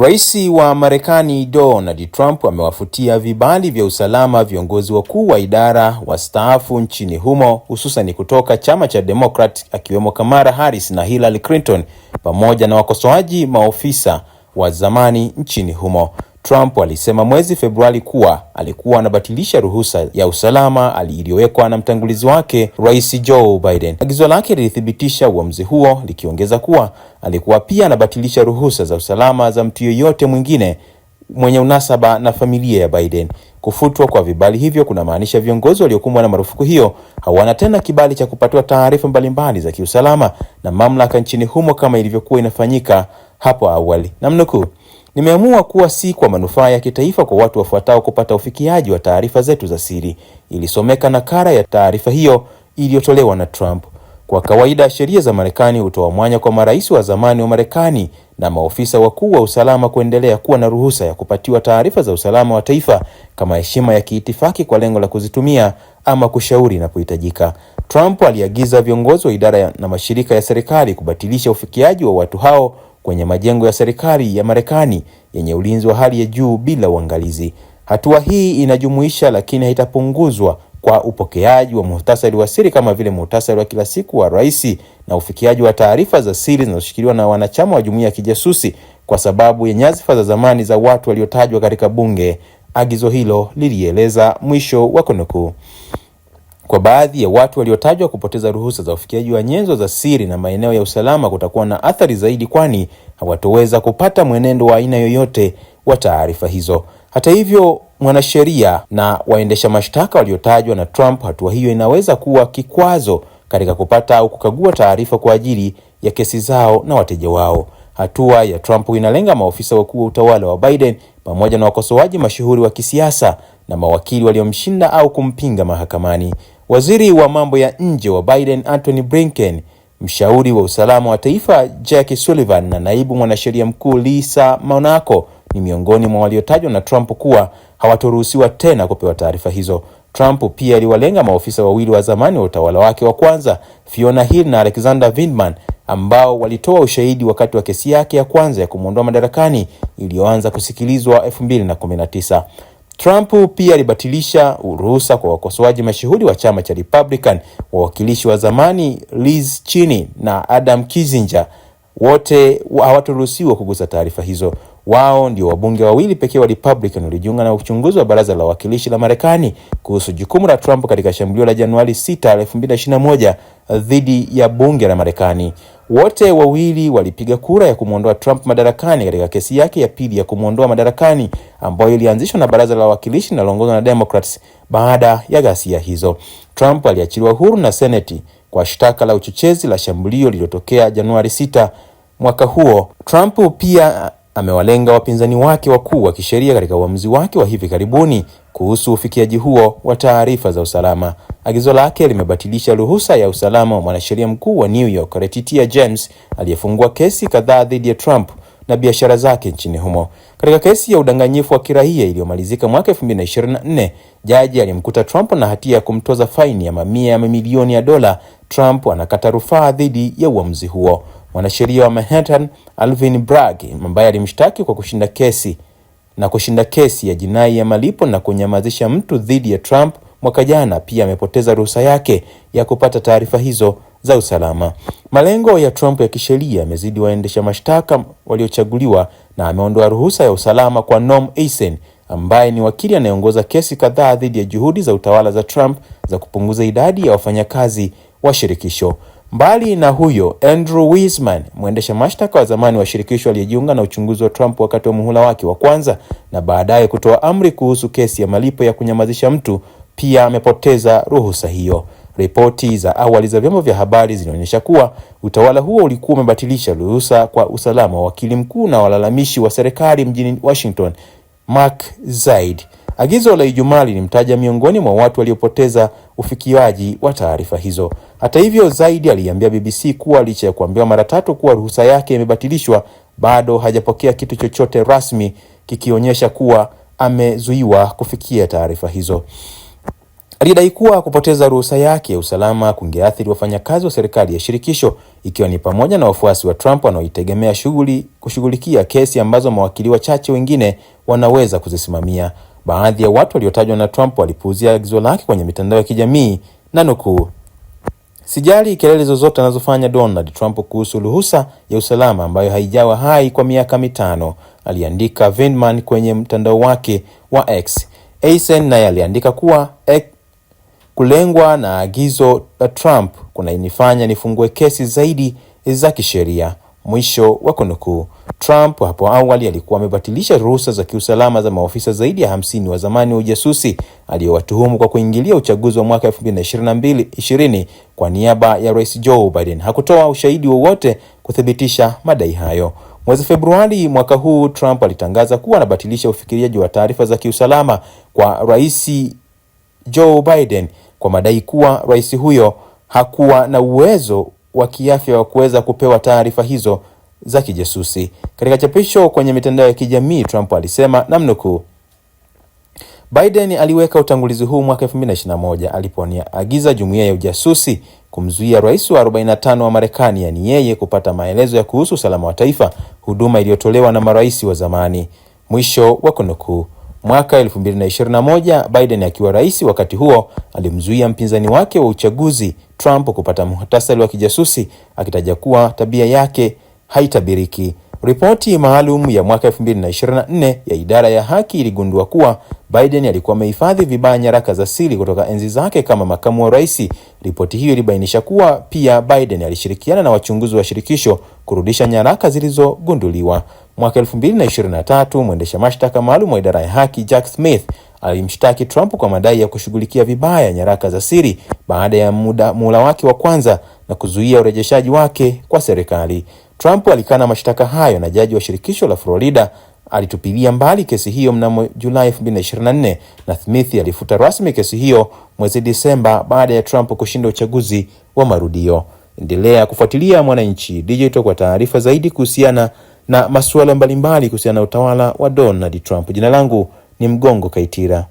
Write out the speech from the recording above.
Rais wa Marekani Donald Trump amewafutia vibali vya usalama viongozi wakuu wa idara wastaafu nchini humo hususan kutoka chama cha Democrat akiwemo Kamala Harris na Hillary Clinton pamoja na wakosoaji maofisa wa zamani nchini humo. Trump alisema mwezi Februari kuwa alikuwa anabatilisha ruhusa ya usalama iliyowekwa na mtangulizi wake Rais Joe Biden. Agizo lake lilithibitisha uamuzi huo likiongeza kuwa alikuwa pia anabatilisha ruhusa za usalama za mtu yeyote mwingine mwenye unasaba na familia ya Biden. Kufutwa kwa vibali hivyo kunamaanisha viongozi waliokumbwa na marufuku hiyo hawana tena kibali cha kupatiwa taarifa mbalimbali za kiusalama na mamlaka nchini humo kama ilivyokuwa inafanyika hapo awali. Namnukuu, Nimeamua kuwa si kwa manufaa ya kitaifa kwa watu wafuatao kupata ufikiaji wa taarifa zetu za siri, ilisomeka nakala ya taarifa hiyo iliyotolewa na Trump. Kwa kawaida, sheria za Marekani hutoa mwanya kwa marais wa zamani wa Marekani na maofisa wakuu wa usalama kuendelea kuwa na ruhusa ya kupatiwa taarifa za usalama wa taifa kama heshima ya kiitifaki kwa lengo la kuzitumia ama kushauri inapohitajika. Trump aliagiza viongozi wa idara na mashirika ya serikali kubatilisha ufikiaji wa watu hao kwenye majengo ya serikali ya Marekani yenye ulinzi wa hali ya juu bila uangalizi. Hatua hii inajumuisha lakini haitapunguzwa kwa upokeaji wa muhtasari wa siri kama vile muhtasari wa kila siku wa rais na ufikiaji wa taarifa za siri zinazoshikiliwa na wanachama wa jumuiya ya kijasusi kwa sababu ya nyadhifa za zamani za watu waliotajwa katika bunge, agizo hilo lilieleza. Mwisho wa kunukuu. Kwa baadhi ya watu waliotajwa kupoteza ruhusa za ufikiaji wa nyenzo za siri na maeneo ya usalama, kutakuwa na athari zaidi, kwani hawatoweza kupata mwenendo wa aina yoyote wa taarifa hizo. Hata hivyo, mwanasheria na waendesha mashtaka waliotajwa na Trump, hatua hiyo inaweza kuwa kikwazo katika kupata au kukagua taarifa kwa ajili ya kesi zao na wateja wao. Hatua ya Trump inalenga maofisa wakuu wa utawala wa Biden pamoja na wakosoaji mashuhuri wa kisiasa na mawakili waliomshinda au kumpinga mahakamani. Waziri wa mambo ya nje wa Biden Antony Blinken, mshauri wa usalama wa taifa Jake Sullivan na naibu mwanasheria mkuu Lisa Monaco ni miongoni mwa waliotajwa na Trump kuwa hawatoruhusiwa tena kupewa taarifa hizo. Trump pia aliwalenga maofisa wawili wa zamani wa utawala wake wa kwanza, Fiona Hill na Alexander Vindman, ambao walitoa ushahidi wakati wa kesi yake ya kwanza ya kumwondoa madarakani iliyoanza kusikilizwa 2019. Trump pia alibatilisha ruhusa kwa wakosoaji mashuhuri wa chama cha Republican, wawakilishi wa zamani Liz Cheney na Adam kizinja wote hawatoruhusiwa kugusa taarifa hizo. Wao ndio wabunge wawili pekee wa Republican walijiunga na uchunguzi wa baraza la wawakilishi la Marekani kuhusu jukumu la Trump katika shambulio la Januari 6, 2021 dhidi ya bunge la Marekani. Wote wawili walipiga kura ya kumwondoa Trump madarakani katika kesi yake ya pili ya kumwondoa madarakani ambayo ilianzishwa na baraza la wawakilishi linaloongozwa na Democrats. Baada ya ghasia hizo, Trump aliachiliwa huru na Seneti kwa shtaka la uchochezi la shambulio lililotokea Januari 6 mwaka huo. Trump pia amewalenga wapinzani wake wakuu wa kisheria katika uamuzi wake wa hivi karibuni kuhusu ufikiaji huo wa taarifa za usalama. Agizo lake limebatilisha ruhusa ya usalama wa mwanasheria mkuu wa New York Letitia James aliyefungua kesi kadhaa dhidi ya Trump na biashara zake nchini humo. Katika kesi ya udanganyifu wa kiraia iliyomalizika mwaka 2024, jaji alimkuta Trump na hatia ya kumtoza faini ya mamia ya mamilioni ya dola. Trump anakata rufaa dhidi ya uamuzi huo. Mwanasheria wa Manhattan Alvin Bragg ambaye alimshtaki kwa kushinda kesi na kushinda kesi ya jinai ya malipo na kunyamazisha mtu dhidi ya Trump mwaka jana, pia amepoteza ruhusa yake ya kupata taarifa hizo za usalama. Malengo ya Trump ya kisheria yamezidi waendesha mashtaka waliochaguliwa na ameondoa ruhusa ya usalama kwa Norm Eisen ambaye ni wakili anayeongoza kesi kadhaa dhidi ya juhudi za utawala za Trump za kupunguza idadi ya wafanyakazi wa shirikisho. Mbali na huyo, Andrew Wiseman, mwendesha mashtaka wa zamani wa shirikisho aliyejiunga na uchunguzi wa Trump wakati wa muhula wake wa kwanza na baadaye kutoa amri kuhusu kesi ya malipo ya kunyamazisha mtu, pia amepoteza ruhusa hiyo. Ripoti za awali za vyombo vya habari zinaonyesha kuwa utawala huo ulikuwa umebatilisha ruhusa kwa usalama wa wakili mkuu na walalamishi wa serikali mjini Washington, Mark Zaid. Agizo la Ijumaa lilimtaja miongoni mwa watu waliopoteza ufikiaji wa taarifa hizo. Hata hivyo, Zaidi aliambia BBC kuwa licha ya kuambiwa mara tatu kuwa ruhusa yake imebatilishwa, bado hajapokea kitu chochote rasmi kikionyesha kuwa amezuiwa kufikia taarifa hizo. Alidai kuwa kupoteza ruhusa yake ya usalama kungeathiri wafanyakazi wa serikali ya shirikisho ikiwa ni pamoja na wafuasi wa Trump wanaoitegemea shughuli kushughulikia kesi ambazo mawakili wachache wengine wanaweza kuzisimamia. Baadhi ya watu waliotajwa na Trump walipuuzia agizo lake kwenye mitandao ya kijamii na nukuu, sijali kelele zozote anazofanya Donald Trump kuhusu ruhusa ya usalama ambayo haijawa hai kwa miaka mitano, aliandika Vindman kwenye mtandao wake wa X. Eisen naye aliandika kuwa ek, kulengwa na agizo la Trump kunainifanya nifungue kesi zaidi za kisheria. Mwisho wa kunukuu. Trump hapo awali alikuwa amebatilisha ruhusa za kiusalama za maofisa zaidi ya 50 wa zamani wa ujasusi aliyowatuhumu kwa kuingilia uchaguzi wa mwaka 2022 kwa niaba ya Rais Joe Biden. Hakutoa ushahidi wowote kuthibitisha madai hayo. Mwezi Februari mwaka huu, Trump alitangaza kuwa anabatilisha ufikiriaji wa taarifa za kiusalama kwa Rais Joe Biden kwa madai kuwa rais huyo hakuwa na uwezo wa kiafya wa kuweza kupewa taarifa hizo za kijasusi. Katika chapisho kwenye mitandao ya kijamii, Trump alisema namnukuu, Biden aliweka utangulizi huu mwaka 2021 aliponia agiza jumuiya ya ujasusi kumzuia rais wa 45 wa Marekani, yani yeye, kupata maelezo ya kuhusu usalama wa taifa, huduma iliyotolewa na marais wa zamani. Mwisho wa kunukuu. Mwaka 2021 Biden akiwa rais wakati huo alimzuia mpinzani wake wa uchaguzi Trump kupata muhtasari wa kijasusi akitaja kuwa tabia yake haitabiriki. Ripoti maalum ya mwaka 2024 ya idara ya haki iligundua kuwa Biden alikuwa amehifadhi vibaya nyaraka za siri kutoka enzi zake kama makamu wa rais. Ripoti hiyo ilibainisha kuwa pia Biden alishirikiana na wachunguzi wa shirikisho kurudisha nyaraka zilizogunduliwa. Mwaka 2023, mwendesha mashtaka maalum wa idara ya haki Jack Smith alimshtaki Trump kwa madai ya kushughulikia vibaya nyaraka za siri baada ya muda muhula wake wa kwanza na kuzuia urejeshaji wake kwa serikali. Trump alikana mashtaka hayo na jaji wa shirikisho la Florida alitupilia mbali kesi hiyo mnamo Julai 2024 na Smith alifuta rasmi kesi hiyo mwezi Disemba baada ya Trump kushinda uchaguzi wa marudio. Endelea kufuatilia Mwananchi Digital kwa taarifa zaidi kuhusiana na masuala mbalimbali kuhusiana na utawala wa Donald Trump. Jina langu ni Mgongo Kaitira.